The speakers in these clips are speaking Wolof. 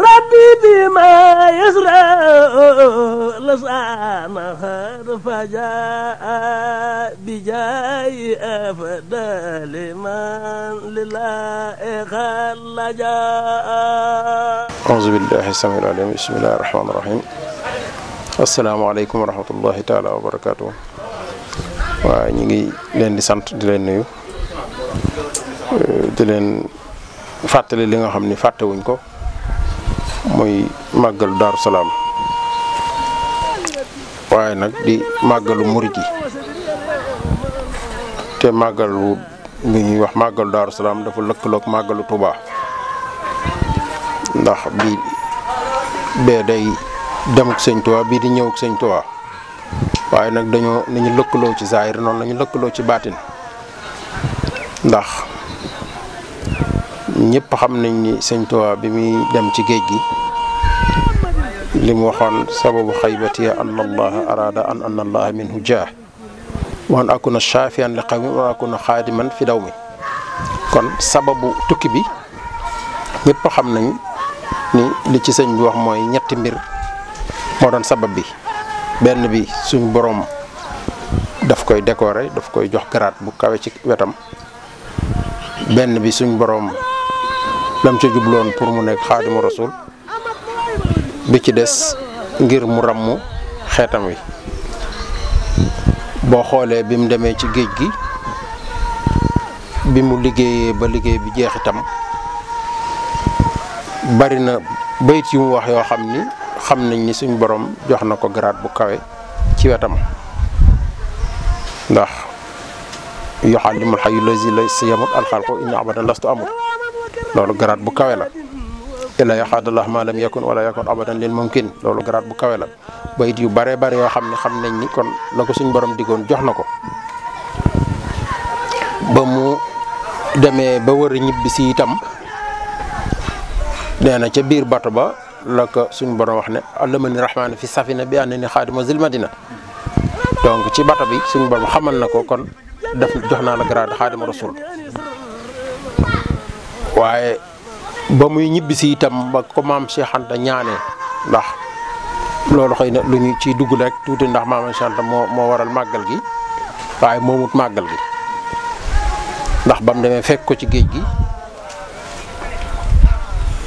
rabbi bi ma yasra lasana faja bi jayi afdali man lillahi khalaja auzu billahi samil alim bismillahi rahmani rahim assalaamu aleykum wa rahmatullahi taala wa barakatuh waaw ñu ngi leen di sant di leen nuyu di leen fàttali li nga xam ni fàttewuñ ko muy màggalu daaru salaam waaye nag di màggalu murit yi te màggalu bi ñuy wax màggalu daaru salaam dafa lëkkalook màggalu Touba ndax bi bee day dem ak sëñ bii di ñëw ak sëñ waaye nag dañoo ni ñu lëkkaloo ci zaahir noonu lañu lëkkaloo ci baatin ndax ñepp xam nañ ni señ Tuubaa bi mi dem ci geej gi lim waxon sababu khaybati an allah arada an anna allah minhu jaah wa an akuna shafian li qawmi wa akuna khadiman fi dawmi kon sababu tukki bi ñepp xam nañ ni li ci señ bi wax moy ñett mbir mo doon sabab bi benn bi suñ borom daf koy décorer daf koy jox grade bu kawé ci wetam benn bi suñ borom lam ca jubloon pour mu nekk xaadimu rasul bi ci des ngir mu ràmm xeetam wi boo xoolee bi mu demee ci géej gi bi mu liggéeyee ba liggéey bi jeex itam bari na bayit yu mu wax yoo xam ni xam nañ ni suñ borom jox na ko garaat bu kawe ci wetam ndax yoxalimul xayu lasi la si yamut alxalqu in abadan lastu amul loolu garaat bu kawee la illa yaxaadallah ma lam yakun wala yakun abadan lil mumkin loolu garaat bu kawe la bayit yu bare bare yoo xam ne xam nañ ni kon la ko suñ borom diggoon jox na ko ba mu demee ba war ñibbisi itam nee na ca biir bato ba la ko suñ borom wax ne alamani rahmaani fi safina bi ànd ni xaadima zilmadina donc ci bato bi suñ borom xamal na ko kon def jox naa la garaat xaadima rasul waaye ba muy ñibbisi itam ba ko maam Cheikh Anta ñaanee ndax loolu xëy na lu ñu ciy dugg rek tuuti ndax maam Cheikh moo moo waral màggal gi waaye moomut màggal gi ndax ba mu demee fekk ko ci géej gi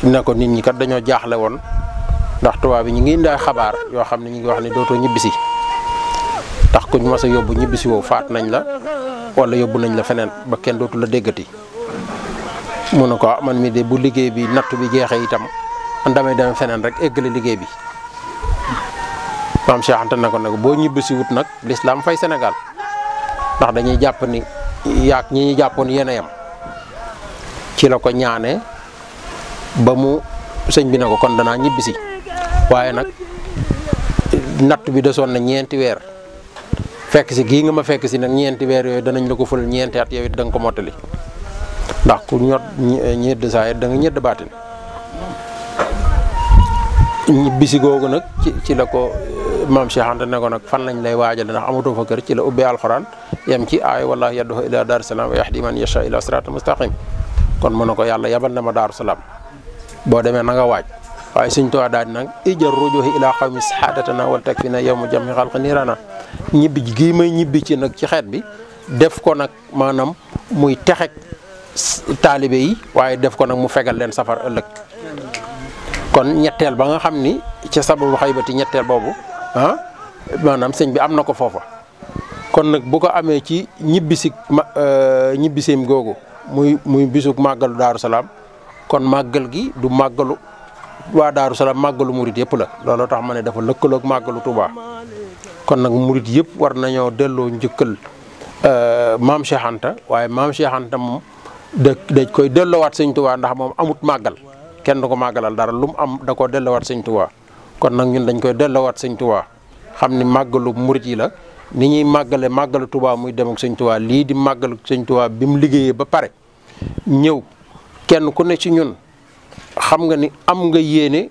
ne ko nit ñi kat dañoo jaaxle woon ndax tubaab bi ñu ngi indi xabaar yoo xam ne ñu ngi wax ne dootoo ñibbisi tax kuñ mas a yóbbu ñibbisi wow faat nañ la wala yóbbu nañ la feneen ba kenn dootu la déggati. mu ne ko ah, man mi de bu liggéey bi natt bi jeexee itam man damay dem feneen rek eggale liggéey bi maam Cheikh na ko nag boo ñibbi si wut nag lislaam fay Sénégal ndax dañuy jàpp ni yaak ñi ñuy jàppoon yéen yam ci la ko ñaane ba mu sëñ bi na ko kon danaa ñibbisi waaye nag nattu bi desoon na ñeenti weer fekk si gii nga ma fekk si nag ñeenti weer yooyu danañ la ko ful ñeenti at yow it da ko mottali ndax ku ñot ñedd saayir da nga ñedd baatin bisi googu nag ci ci la ko eh, maam Cheikh ko nag fan lañ lay waajal ndax amatoo fa kër ci la ubbee alxuraan yem ci aay wallaahi yadduhu ila daar salaam wa yahdi man yasha ila siraatal mustaqim kon mën ne ko yàlla yabal na ma daar salaam boo demee na nga waaj waaye suñ tuwaa daal nag ijar rujuhi ila xawmi saadatana wal tag fi na yowmu jami xalqi niirana ñibbi gii may ñibbi ci nag ci xeet bi def ko nag maanaam muy texek talibé yi waye def ko nak mu fegal len safar ëllëg kon ñettel ba nga xamni ni ci sababu xaybati ñettel bobu ah manam señ bi am ko fofa kon nag bu ko amé ci ñibisi ma euh, ñibbiseem googu muy muy bisuk magal daru salam kon magal gi du magalu wa daru salam magalu mouride yep la lolo tax mané dafa lekkolok magalu touba kon nag mouride yep war delo delloo euh mam Cheikh hanta. waye mam Cheikh hanta mom da dañ koy dellowaat sëñ Tuubaa ndax moom amut màggal kenn du ko màggalal dara lu mu am da koo dellowaat sëñ Tuubaa kon nag ñun dañ koy delloowaat sëñ Tuubaa xam ni màggalu murit yi la ni ñuy màggale màggalu tubaa muy dem ak sëñ lii di màggalu sëñ Tuubaa bi mu liggéeyee ba pare ñëw kenn ku ne ci ñun xam nga ni am nga yéene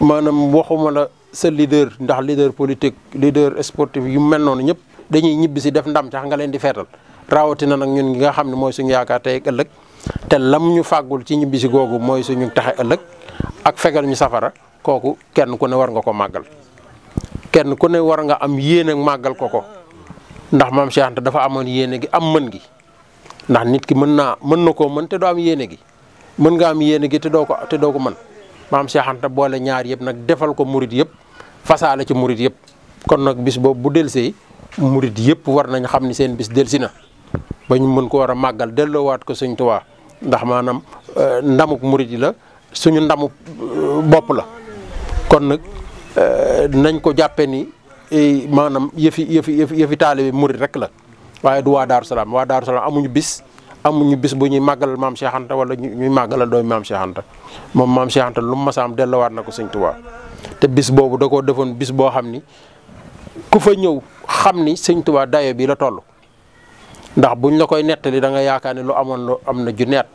maanaam waxuma la sa leader ndax leader politique leader sportif yu mel noonu ñëpp dañuy ñibbi si def ndam sax nga leen di feetal rawatina nag ñun ñi nga xam ne mooy suñu yaakaar tey ëllëg te lam ñu fàggul ci ñibbisi googu mooy suñu taxe ëllëg ak fegal ñu safara kooku kenn ku ne war nga ko màggal kenn ku ne war nga am yéene màggal ko ko ndax maam Cheikh dafa amoon yéene gi am mën gi ndax nit ki mën naa mën na koo mën te doo am gi mën nga am yéene gi te doo ko te doo ko mën maam Cheikh boole ñaar yëpp nag defal ko murit yëpp fasaale ci murit yëpp kon nag bis boobu bu delsee murit yëpp war nañ xam ni seen bis delsi na ba ñu mën ko war a màggal delloowaat ko sëñ Tuubaa ndax maanaam euh, ndamuk murid yi la suñu ndamu euh, bopp la kon nag euh, nañ ko jàppe ni eh, maanaam yëfi yëfi yëfi yëfi taalibe murid rek la waaye du waa Daaru Salaam waa Daaru Salaam amuñu bis amuñu bis bu ñuy màggalal maam Cheikh Anta wala ñuy màggalal doomi maam Cheikh moom maam Cheikh lu mu masaam dellowaat na ko sëñ Tuubaa te bis boobu da koo defoon bis boo xam ni ku fa ñëw xam ni sëñ Tuubaa dayo bii la toll ndax buñ la koy nettali da nga yaakaar lu amoon lu amna na ju net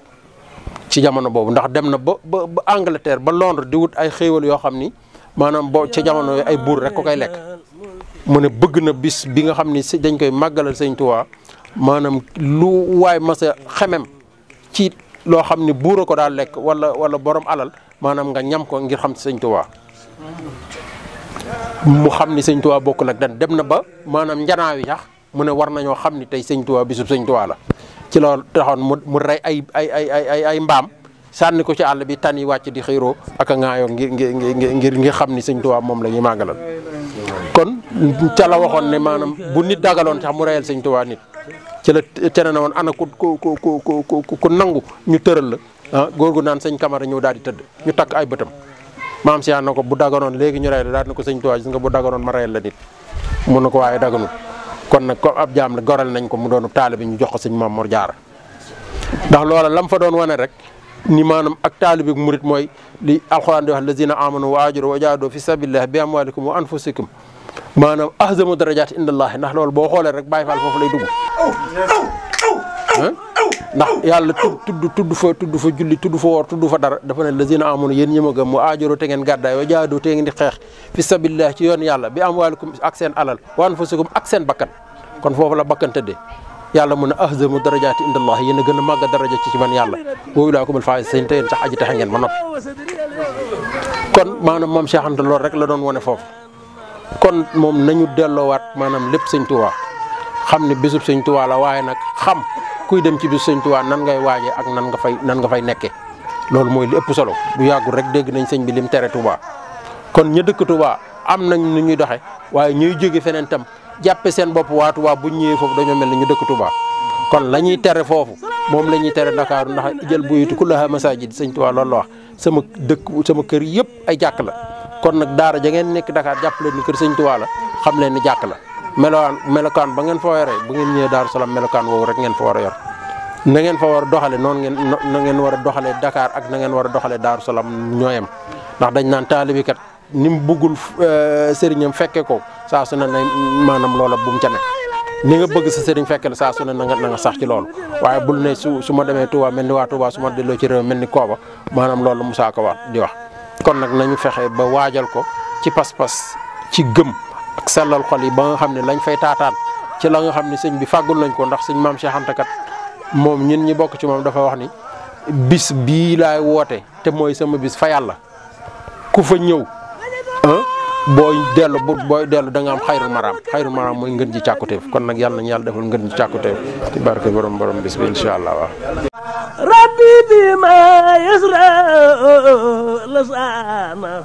ci jamono bobu ndax dem na ba Angleterre ba Londres di wut ay xewal yo xamni manam bo ci jamono ay bour rek ko koy lek mune bëgg na bis bi nga xamni ni dañ koy magalal Seigne Touba manam lu waay masa xemem ci lo xamni bour ko da lek wala wala borom alal manam nga ñam ko ngir xam Seigne Touba mu xamni Seigne Touba bokku nak dan dem na ba maanaam njanaawi sax mu ne war nañu xamni ni seigne touba bisub seigne touba la ci lool taxone mu mu ay ay ay ay ay mbam sanni ko ci àll bi tani wacc di xiiroo ak ngaayo ngir ngir ngir ngir ngir xamni seigne touba mom lañuy la kon ci la waxon ne manam bu nit dagalon sax mu rayel seigne touba nit ci la na woon ana ku ku ku ku ku nangu ñu teural la ah góor gu naan sëñ Kamara ñëw daal di ñu tak ay beutam maam si nako bu dagalon legi ñu rey daal nako seigne touba gis nga bu dagalon ma rayel la nit mu nako waye dagalon kon nag ko ab jaam la goral nañ ko mu doonu taalibe ñu jox ko sëñ Maam Mor Jaara ndax loola lam fa doon wane rek ni maanaam ak taalibe bu murit mooy li alxuraan di wax lazina amanu wa ajaru wa jaahadu fi sabilillah bi amwalikum wa anfusikum maanaam ahzamu darajaat indallahi ndax loolu boo xoolee rek bàyyi faal foofu lay dugg ndax yàlla tudd tudd fa tudd fa julli tudd fa woor tudd fa dara dafa ne lazina amoon yéen ñi ma mu aajoro te ngeen gàddaay wa jaadoo te ngeen di xeex fi ci yoon yàlla bi amwaalikum ak seen alal wa anfusikum ak seen bakkan kon foofu la bakkan tëddee yàlla mun a ahzamu darajaati indallahi yéen a gën a màgg a daraja ci ci man yàlla woowu laa ko mën faa seen te yéen sax aji taxe ngeen ma noppi kon maanaam moom Cheikh Anta loolu rek la doon wane foofu kon moom nañu delloowaat maanaam lépp sëñ Tuubaa xam ne bésub sëñ Tuubaa la waaye nag xam kuy dem ci bi seigne touba nan ngay waje ak nan nga fay nan nga fay nekké loolu moy li ëpp solo bu yàggul rek dégg nañ seigne bi lim téré touba kon ñi dëkk touba am nañ nu ñuy doxé waye ñuy jëgé fenen tam jappé seen bop wa touba bu ñëwé fofu dañu mel ñu dëkk touba kon la téré fofu mom lañuy téré dakar ndax jël yitu kulaha masajid seigne touba semuk wax sama dëkk sama kër yépp ay jakk la kon nak daara ja ngeen nekk Dakar japp leen ni kër seigne touba la xam leen ni jakk la melokaan melokaan ba ngeen fa bu ngeen ñëwee Daaru Salaam melokaan woowu rek ngeen fa war a yor na ngeen fa war a doxale noonu ngeen na ngeen war a doxalee Dakar ak na ngeen war a doxalee Daaru Salaam ñooyam ndax dañ naan taalibi kat ni mu bëggul eh, sëriñam fekke ko saa su ne na maanaam loola bu ca ne ni nga bëgg sa sëriñ fekke la saa su ne na nga na nga sax ci loolu waaye bul ne su su ma demee Touba mel ni waa Touba su ma delloo ci réew mel ni Kooba maanaam loolu Moussa ko wax di wax kon nag nañu fexe ba waajal ko ci pas-pas ci gëm selal xol yi ba nga xam lañ fay taataan ci la nga xam señ bi fagul lañ ko ndax señ mam Cheikh Anta kat moom ñi bok ci mom dafa wax ni bis bi laay wote te moy sama bis fa yalla ku fa hein ah, boy delu bu boy delu da nga am khairul maram khairul maram moy ngeen ji ciakute kon nak yalla ñu yalla defal ngeen ji ciakute ci barke borom borom bis bi inshallah wa rabbi bi ma yasra la saana